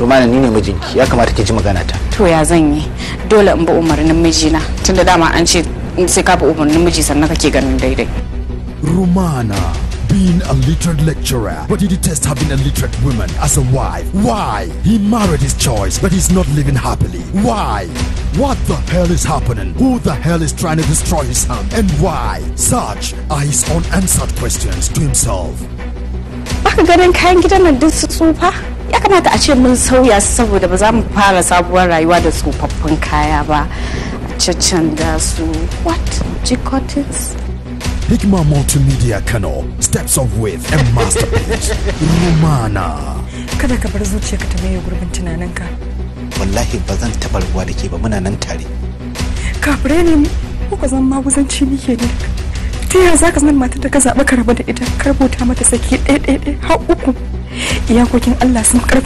rumana ni ne mijinki ya kamata ki ji magana ta to ya zan yi dole in bi umarnin mijina tunda dama an ce sai ka bi umarnin miji sannan kake ganin daidai rumana being a literate lecturer, but he detests having a literate woman as a wife. Why? He married his choice, but he's not living happily. Why? What the hell is happening? Who the hell is trying to destroy his son? And why? Such are his unanswered questions to himself. Baka ganin kayan gidan nan duk su tsufa? ya kamata a ce mun sauya su saboda ba za mu fara sabuwar rayuwa da tsofaffin kaya ba cancan da su what jikotis hikima multimedia kano steps of wave and masterpiece rumana kada ka bar zuciya ka maye gurbin tunaninka wallahi ba zan taɓa ruwa da ke ba muna nan tare kafirai ne mu ko zan maguzanci nike da ta yaya za ka san matar da ka zaɓa ka rabu da ita ka rubuta mata saki ɗaya ɗaya ɗaya har uku iyakokin Allah sun karfi